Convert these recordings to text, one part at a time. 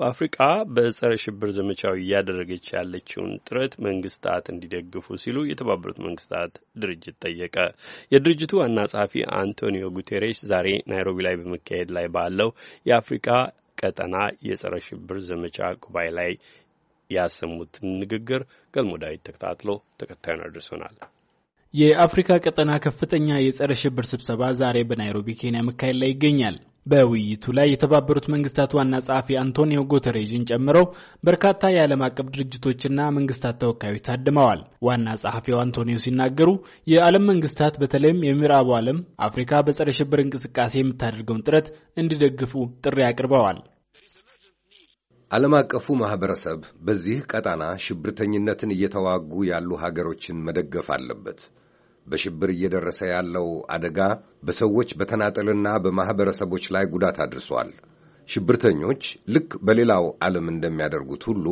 በአፍሪቃ በጸረ ሽብር ዘመቻው እያደረገች ያለችውን ጥረት መንግስታት እንዲደግፉ ሲሉ የተባበሩት መንግስታት ድርጅት ጠየቀ። የድርጅቱ ዋና ጸሐፊ አንቶኒዮ ጉቴሬሽ ዛሬ ናይሮቢ ላይ በመካሄድ ላይ ባለው የአፍሪቃ ቀጠና የጸረ ሽብር ዘመቻ ጉባኤ ላይ ያሰሙትን ንግግር ገልሞ ዳዊት ተከታትሎ ተከታዩን አድርሶናል። የአፍሪካ ቀጠና ከፍተኛ የጸረ ሽብር ስብሰባ ዛሬ በናይሮቢ ኬንያ መካሄድ ላይ ይገኛል። በውይይቱ ላይ የተባበሩት መንግስታት ዋና ጸሐፊ አንቶኒዮ ጉተሬዥን ጨምረው በርካታ የዓለም አቀፍ ድርጅቶችና መንግስታት ተወካዮች ታድመዋል። ዋና ጸሐፊው አንቶኒዮ ሲናገሩ የዓለም መንግስታት በተለይም የምዕራቡ ዓለም አፍሪካ በጸረ ሽብር እንቅስቃሴ የምታደርገውን ጥረት እንዲደግፉ ጥሪ አቅርበዋል። ዓለም አቀፉ ማኅበረሰብ በዚህ ቀጣና ሽብርተኝነትን እየተዋጉ ያሉ ሀገሮችን መደገፍ አለበት። በሽብር እየደረሰ ያለው አደጋ በሰዎች በተናጠልና በማኅበረሰቦች ላይ ጉዳት አድርሷል። ሽብርተኞች ልክ በሌላው ዓለም እንደሚያደርጉት ሁሉ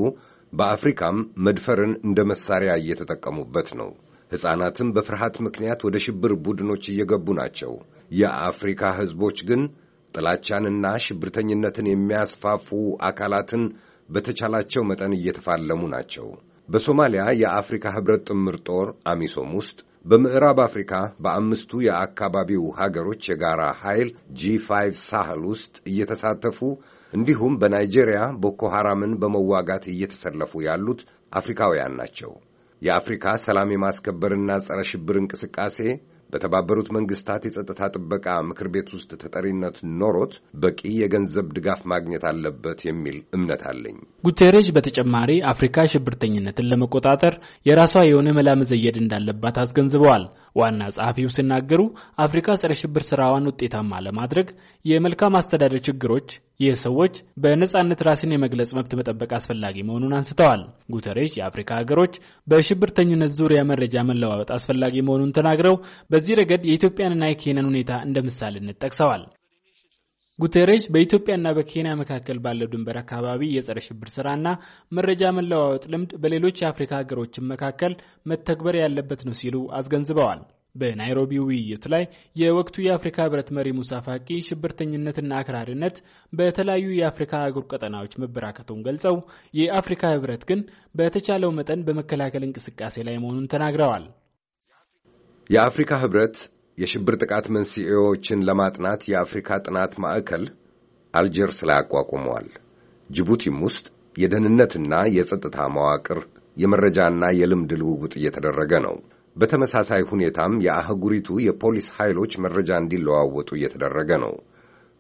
በአፍሪካም መድፈርን እንደ መሣሪያ እየተጠቀሙበት ነው። ሕፃናትም በፍርሃት ምክንያት ወደ ሽብር ቡድኖች እየገቡ ናቸው። የአፍሪካ ሕዝቦች ግን ጥላቻንና ሽብርተኝነትን የሚያስፋፉ አካላትን በተቻላቸው መጠን እየተፋለሙ ናቸው። በሶማሊያ የአፍሪካ ኅብረት ጥምር ጦር አሚሶም ውስጥ በምዕራብ አፍሪካ በአምስቱ የአካባቢው ሀገሮች የጋራ ኃይል ጂ5 ሳህል ውስጥ እየተሳተፉ እንዲሁም በናይጄሪያ ቦኮ ሐራምን በመዋጋት እየተሰለፉ ያሉት አፍሪካውያን ናቸው። የአፍሪካ ሰላም የማስከበርና ጸረ ሽብር እንቅስቃሴ በተባበሩት መንግስታት የጸጥታ ጥበቃ ምክር ቤት ውስጥ ተጠሪነት ኖሮት በቂ የገንዘብ ድጋፍ ማግኘት አለበት የሚል እምነት አለኝ። ጉቴሬሽ በተጨማሪ አፍሪካ ሽብርተኝነትን ለመቆጣጠር የራሷ የሆነ መላ መዘየድ እንዳለባት አስገንዝበዋል። ዋና ጸሐፊው ሲናገሩ አፍሪካ ጸረ ሽብር ስራዋን ውጤታማ ለማድረግ የመልካም አስተዳደር ችግሮች የሰዎች በነጻነት ራስን የመግለጽ መብት መጠበቅ አስፈላጊ መሆኑን አንስተዋል። ጉተሬሽ የአፍሪካ ሀገሮች በሽብርተኝነት ዙሪያ መረጃ መለዋወጥ አስፈላጊ መሆኑን ተናግረው በዚህ ረገድ የኢትዮጵያንና የኬንያን ሁኔታ እንደ ምሳሌነት ጠቅሰዋል። ጉቴሬሽ በኢትዮጵያና በኬንያ መካከል ባለው ድንበር አካባቢ የጸረ ሽብር ስራና መረጃ መለዋወጥ ልምድ በሌሎች የአፍሪካ ሀገሮችን መካከል መተግበር ያለበት ነው ሲሉ አስገንዝበዋል። በናይሮቢ ውይይት ላይ የወቅቱ የአፍሪካ ህብረት መሪ ሙሳ ፋቂ ሽብርተኝነትና አክራሪነት በተለያዩ የአፍሪካ አህጉር ቀጠናዎች መበራከቱን ገልጸው የአፍሪካ ህብረት ግን በተቻለው መጠን በመከላከል እንቅስቃሴ ላይ መሆኑን ተናግረዋል። የአፍሪካ ህብረት የሽብር ጥቃት መንስኤዎችን ለማጥናት የአፍሪካ ጥናት ማዕከል አልጀርስ ላይ አቋቁመዋል። ጅቡቲም ውስጥ የደህንነትና የጸጥታ መዋቅር የመረጃና የልምድ ልውውጥ እየተደረገ ነው። በተመሳሳይ ሁኔታም የአህጉሪቱ የፖሊስ ኃይሎች መረጃ እንዲለዋወጡ እየተደረገ ነው።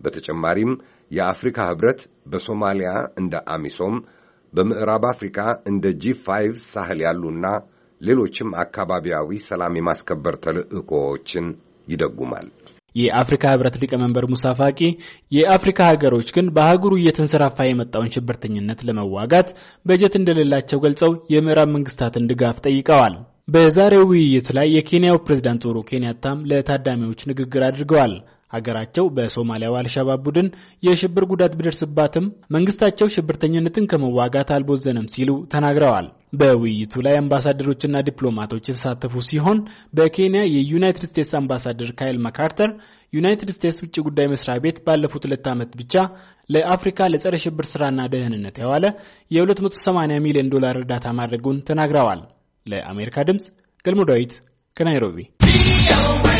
በተጨማሪም የአፍሪካ ህብረት በሶማሊያ እንደ አሚሶም፣ በምዕራብ አፍሪካ እንደ ጂ ፋይቭ ሳህል ያሉና ሌሎችም አካባቢያዊ ሰላም የማስከበር ተልዕኮዎችን ይደጉማል። የአፍሪካ ህብረት ሊቀመንበር ሙሳ ፋቂ የአፍሪካ ሀገሮች ግን በአህጉሩ እየተንሰራፋ የመጣውን ሽብርተኝነት ለመዋጋት በጀት እንደሌላቸው ገልጸው የምዕራብ መንግስታትን ድጋፍ ጠይቀዋል። በዛሬው ውይይት ላይ የኬንያው ፕሬዝዳንት ኡሁሩ ኬንያታም ለታዳሚዎች ንግግር አድርገዋል። ሀገራቸው በሶማሊያው አልሸባብ ቡድን የሽብር ጉዳት ቢደርስባትም መንግስታቸው ሽብርተኝነትን ከመዋጋት አልቦዘነም ሲሉ ተናግረዋል። በውይይቱ ላይ አምባሳደሮችና ዲፕሎማቶች የተሳተፉ ሲሆን በኬንያ የዩናይትድ ስቴትስ አምባሳደር ካይል ማካርተር ዩናይትድ ስቴትስ ውጭ ጉዳይ መስሪያ ቤት ባለፉት ሁለት ዓመት ብቻ ለአፍሪካ ለጸረ ሽብር ስራና ደህንነት የዋለ የ280 ሚሊዮን ዶላር እርዳታ ማድረጉን ተናግረዋል። ለአሜሪካ ድምፅ ገልሞ ዳዊት ከናይሮቢ